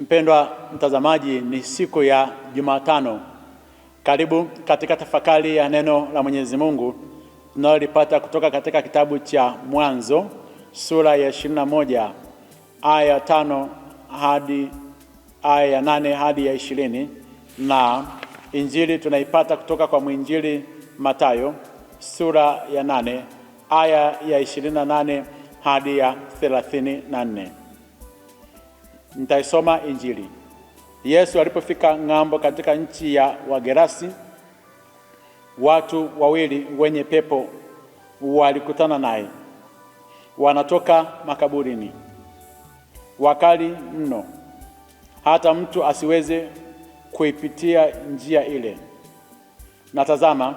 Mpendwa mtazamaji, ni siku ya Jumatano. Karibu katika tafakari ya neno la Mwenyezi Mungu tunalolipata kutoka katika kitabu cha Mwanzo sura ya 21 aya ya tano hadi aya ya nane hadi ya ishirini, na injili tunaipata kutoka kwa mwinjili matayo sura ya nane aya ya 28 hadi ya 34. Nitaisoma Injili. Yesu alipofika ng'ambo katika nchi ya Wagerasi, watu wawili wenye pepo walikutana naye, wanatoka makaburini, wakali mno, hata mtu asiweze kuipitia njia ile. Na tazama,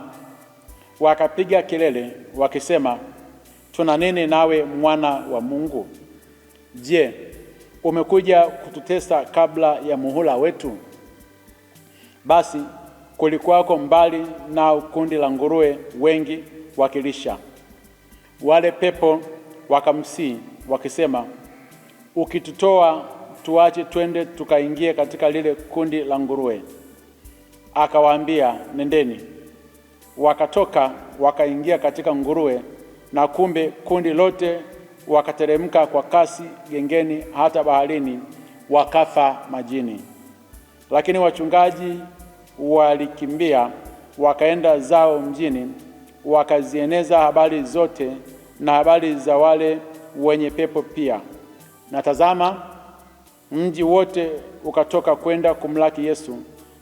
wakapiga kelele wakisema, tuna nini nawe, mwana wa Mungu? Je, umekuja kututesa kabla ya muhula wetu. Basi kulikuwako mbali nao kundi la nguruwe wengi wakilisha. Wale pepo wakamsii wakisema, ukitutoa tuache twende tukaingie katika lile kundi la nguruwe. Akawaambia, nendeni. Wakatoka wakaingia katika nguruwe, na kumbe kundi lote wakateremka kwa kasi gengeni, hata baharini, wakafa majini. Lakini wachungaji walikimbia wakaenda zao mjini, wakazieneza habari zote na habari za wale wenye pepo pia. Na tazama, mji wote ukatoka kwenda kumlaki Yesu,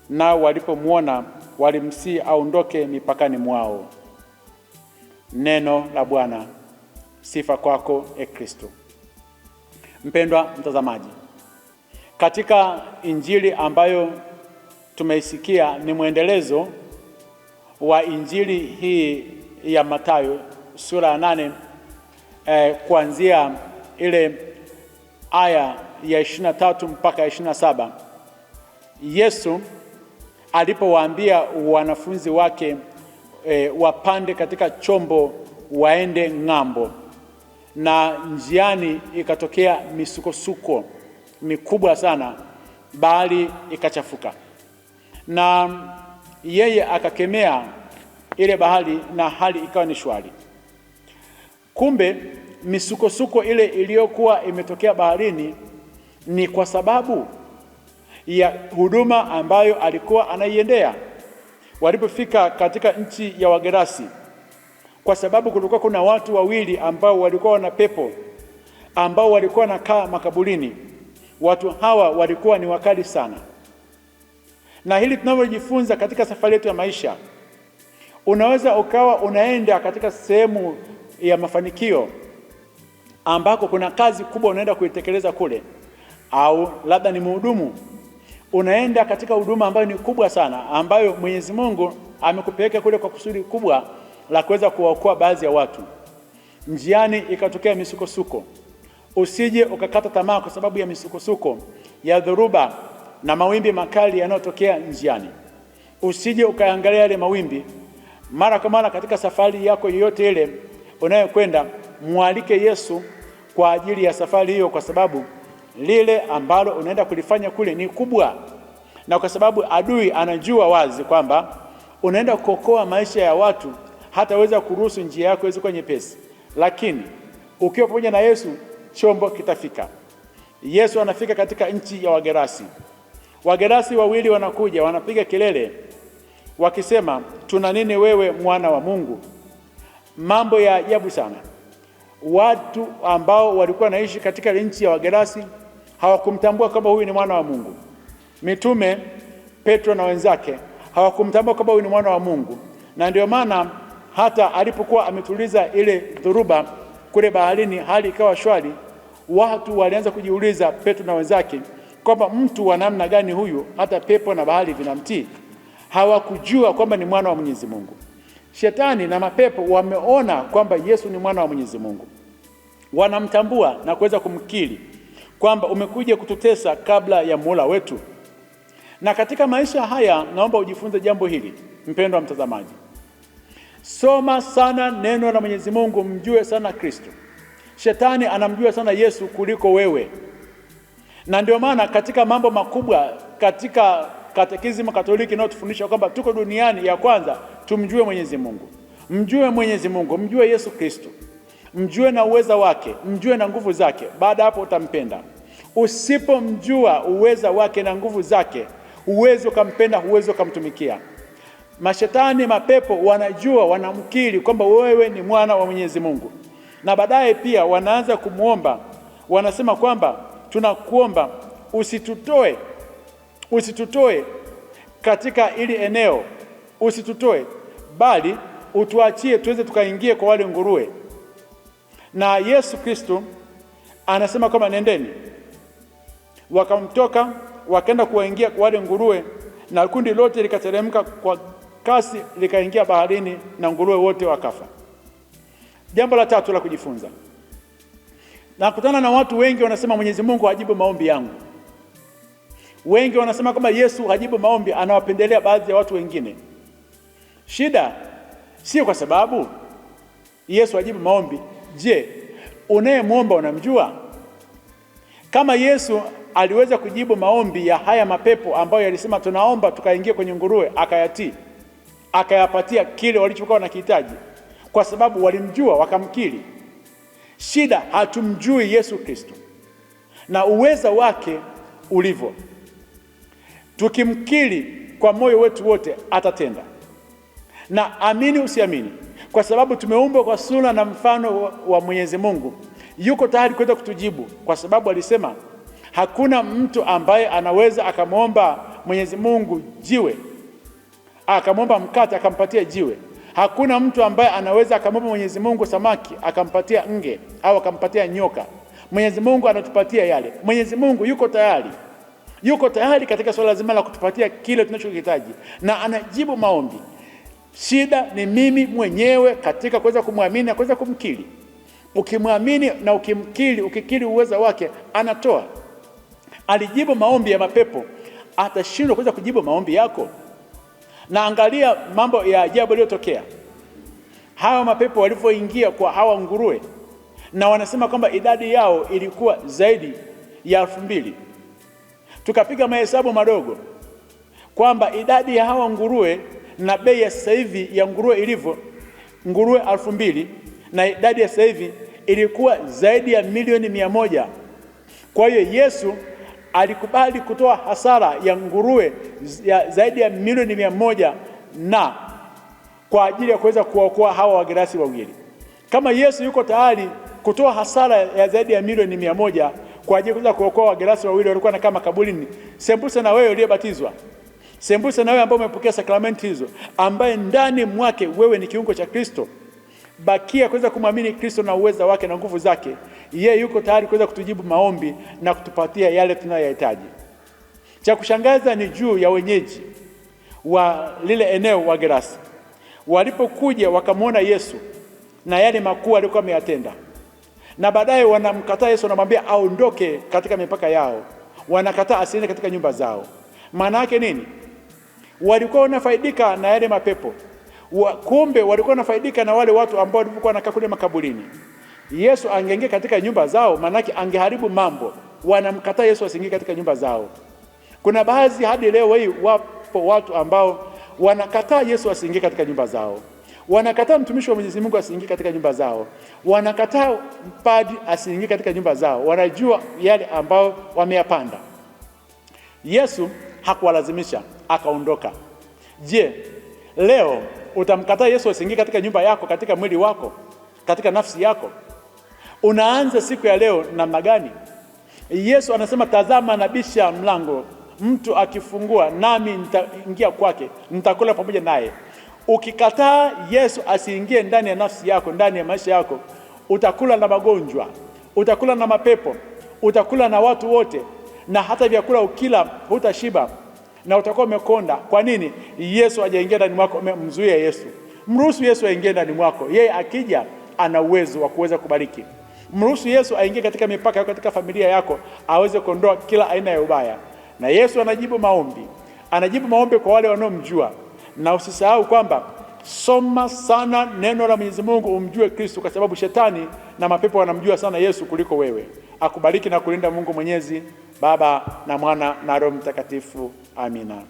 nao walipomwona walimsii aondoke mipakani mwao. Neno la Bwana. Sifa kwako e Kristo. Mpendwa mtazamaji, katika injili ambayo tumeisikia ni mwendelezo wa injili hii ya Mathayo sura ya nane eh, kuanzia ile aya ya ishirini na tatu mpaka ishirini na saba Yesu alipowaambia wanafunzi wake eh, wapande katika chombo waende ng'ambo na njiani ikatokea misukosuko mikubwa sana, bahari ikachafuka, na yeye akakemea ile bahari na hali ikawa ni shwari. Kumbe misukosuko ile iliyokuwa imetokea baharini ni kwa sababu ya huduma ambayo alikuwa anaiendea. Walipofika katika nchi ya Wagerasi kwa sababu kulikuwa kuna watu wawili ambao walikuwa wana pepo ambao walikuwa kaa makaburini. Watu hawa walikuwa ni wakali sana, na hili tunavyojifunza katika safari yetu ya maisha. Unaweza ukawa unaenda katika sehemu ya mafanikio ambako kuna kazi kubwa unaenda kuitekeleza kule, au labda ni mhudumu, unaenda katika huduma ambayo ni kubwa sana, ambayo Mwenyezi Mungu amekupeleka kule kwa kusudi kubwa la kuweza kuwaokoa baadhi ya watu. Njiani ikatokea misukosuko, usije ukakata tamaa kwa sababu ya misukosuko ya dhoruba na mawimbi makali yanayotokea njiani. Usije ukaangalia yale mawimbi mara kwa mara. Katika safari yako yoyote ile unayokwenda, mwalike Yesu kwa ajili ya safari hiyo, kwa sababu lile ambalo unaenda kulifanya kule ni kubwa, na kwa sababu adui anajua wazi kwamba unaenda kuokoa maisha ya watu hataweza kuruhusu njia yako iweze kuwa nyepesi, lakini ukiwa pamoja na Yesu chombo kitafika. Yesu anafika katika nchi ya Wagerasi. Wagerasi wawili wanakuja wanapiga kelele wakisema, tuna nini wewe mwana wa Mungu? Mambo ya ajabu sana. Watu ambao walikuwa wanaishi katika nchi ya Wagerasi hawakumtambua kwamba huyu ni mwana wa Mungu. Mitume Petro na wenzake hawakumtambua kwamba huyu ni mwana wa Mungu, na ndio maana hata alipokuwa ametuliza ile dhuruba kule baharini, hali ikawa shwari, watu walianza kujiuliza, Petro na wenzake, kwamba mtu wa namna gani huyu, hata pepo na bahari vinamtii? Hawakujua kwamba ni mwana wa Mwenyezi Mungu. Shetani na mapepo wameona kwamba Yesu ni mwana wa Mwenyezi Mungu, wanamtambua na kuweza kumkiri kwamba umekuja kututesa kabla ya muhula wetu. Na katika maisha haya, naomba ujifunze jambo hili, mpendwa mtazamaji. Soma sana neno la Mwenyezi Mungu, mjue sana Kristo. Shetani anamjua sana Yesu kuliko wewe, na ndio maana katika mambo makubwa katika katekizmu Katoliki inayotufundisha kwamba tuko duniani, ya kwanza tumjue Mwenyezi Mungu, mjue Mwenyezi Mungu, mjue Yesu Kristo, mjue na uweza wake, mjue na nguvu zake. Baada hapo utampenda. Usipomjua uweza wake na nguvu zake, huwezi ukampenda, huwezi ukamtumikia. Mashetani, mapepo wanajua, wanamkiri kwamba wewe ni mwana wa Mwenyezi Mungu, na baadaye pia wanaanza kumwomba, wanasema kwamba tunakuomba usitutoe, usitutoe katika hili eneo, usitutoe bali utuachie tuweze tukaingie kwa wale nguruwe. Na Yesu Kristo anasema kwamba nendeni, wakamtoka wakaenda kuwaingia kwa wale nguruwe, na kundi lote likateremka kwa kasi likaingia baharini na nguruwe wote wakafa. Jambo la tatu la kujifunza, nakutana na watu wengi wanasema Mwenyezi Mungu hajibu maombi yangu. Wengi wanasema kwamba Yesu hajibu maombi, anawapendelea baadhi ya watu wengine. Shida sio kwa sababu Yesu hajibu maombi. Je, unayemwomba unamjua? Kama Yesu aliweza kujibu maombi ya haya mapepo ambayo yalisema tunaomba tukaingia kwenye nguruwe, akayatii akayapatia kile walichokuwa wanakihitaji, kwa sababu walimjua wakamkiri. Shida hatumjui Yesu Kristo na uweza wake ulivyo. Tukimkiri kwa moyo wetu wote atatenda, na amini usiamini, kwa sababu tumeumbwa kwa sura na mfano wa Mwenyezi Mungu. Yuko tayari kwenda kutujibu, kwa sababu alisema hakuna mtu ambaye anaweza akamwomba Mwenyezi Mungu jiwe akamwomba mkate akampatia jiwe. Hakuna mtu ambaye anaweza akamwomba Mwenyezi Mungu samaki akampatia nge au akampatia nyoka. Mwenyezi Mungu anatupatia yale. Mwenyezi Mungu yuko tayari, yuko tayari katika swala zima la kutupatia kile tunachokihitaji na anajibu maombi. Shida ni mimi mwenyewe katika kuweza kumwamini na kuweza kumkiri. Ukimwamini na ukimkiri, ukikiri uwezo wake, anatoa. Alijibu maombi ya mapepo, atashindwa kuweza kujibu maombi yako? Na angalia mambo ya ajabu yaliyotokea, hawa mapepo walivyoingia kwa hawa nguruwe, na wanasema kwamba idadi yao ilikuwa zaidi ya elfu mbili. Tukapiga mahesabu madogo kwamba idadi ya hawa nguruwe na bei ya sasa hivi ya nguruwe ilivyo, nguruwe elfu mbili na idadi ya sasa hivi ilikuwa zaidi ya milioni mia moja. Kwa hiyo Yesu alikubali kutoa hasara ya nguruwe ya zaidi ya milioni mia moja na kwa ajili ya kuweza kuwaokoa hawa wagerasi wawili. Kama Yesu yuko tayari kutoa hasara ya zaidi ya milioni mia moja kwa ajili ya kuweza kuokoa wagerasi wawili walikuwa na kama kaburini, sembuse na wewe uliyebatizwa, sembuse na wewe ambaye umepokea sakramenti hizo, ambaye ndani mwake wewe ni kiungo cha Kristo, bakia kuweza kumwamini Kristo na uweza wake na nguvu zake yeye yuko tayari kuweza kutujibu maombi na kutupatia yale tunayoyahitaji. Cha kushangaza ni juu ya wenyeji wa lile eneo wa Gerasi, walipokuja wakamwona Yesu na yale makuu alikuwa ameyatenda, na baadaye wanamkataa Yesu, wanamwambia aondoke katika mipaka yao, wanakataa asiende katika nyumba zao. Maana yake nini? Walikuwa wanafaidika na yale mapepo, kumbe walikuwa wanafaidika na wale watu ambao walikuwa wanakaa kule makaburini. Yesu angeingia katika nyumba zao, maanake angeharibu mambo. Wanamkataa Yesu asiingie katika nyumba zao. Kuna baadhi hadi leo hii wapo watu ambao wanakataa Yesu asiingie katika nyumba zao, wanakataa mtumishi wa Mwenyezi Mungu asiingie katika nyumba zao, wanakataa mpadi asiingie katika nyumba zao. Wanajua yale ambao wameyapanda. Yesu hakuwalazimisha, akaondoka. Je, leo utamkataa Yesu asiingie katika nyumba yako, katika mwili wako, katika nafsi yako? Unaanza siku ya leo namna gani? Yesu anasema tazama, nabisha mlango, mtu akifungua nami nitaingia kwake, nitakula pamoja naye. Ukikataa Yesu asiingie ndani ya nafsi yako, ndani ya maisha yako, utakula na magonjwa, utakula na mapepo, utakula na watu wote, na hata vyakula ukila hutashiba na utakuwa umekonda. Kwa nini? Yesu hajaingia ndani mwako. Mzuie Yesu. Mruhusu Yesu aingie ndani mwako, yeye akija ana uwezo wa kuweza kubariki. Mruhusu Yesu aingie katika mipaka yako, katika familia yako, aweze kuondoa kila aina ya ubaya. Na Yesu anajibu maombi, anajibu maombi kwa wale wanaomjua, na usisahau kwamba soma sana neno la Mwenyezi Mungu umjue Kristo, kwa sababu shetani na mapepo wanamjua sana Yesu kuliko wewe. Akubariki na kulinda Mungu Mwenyezi, Baba na Mwana na Roho Mtakatifu. Amina.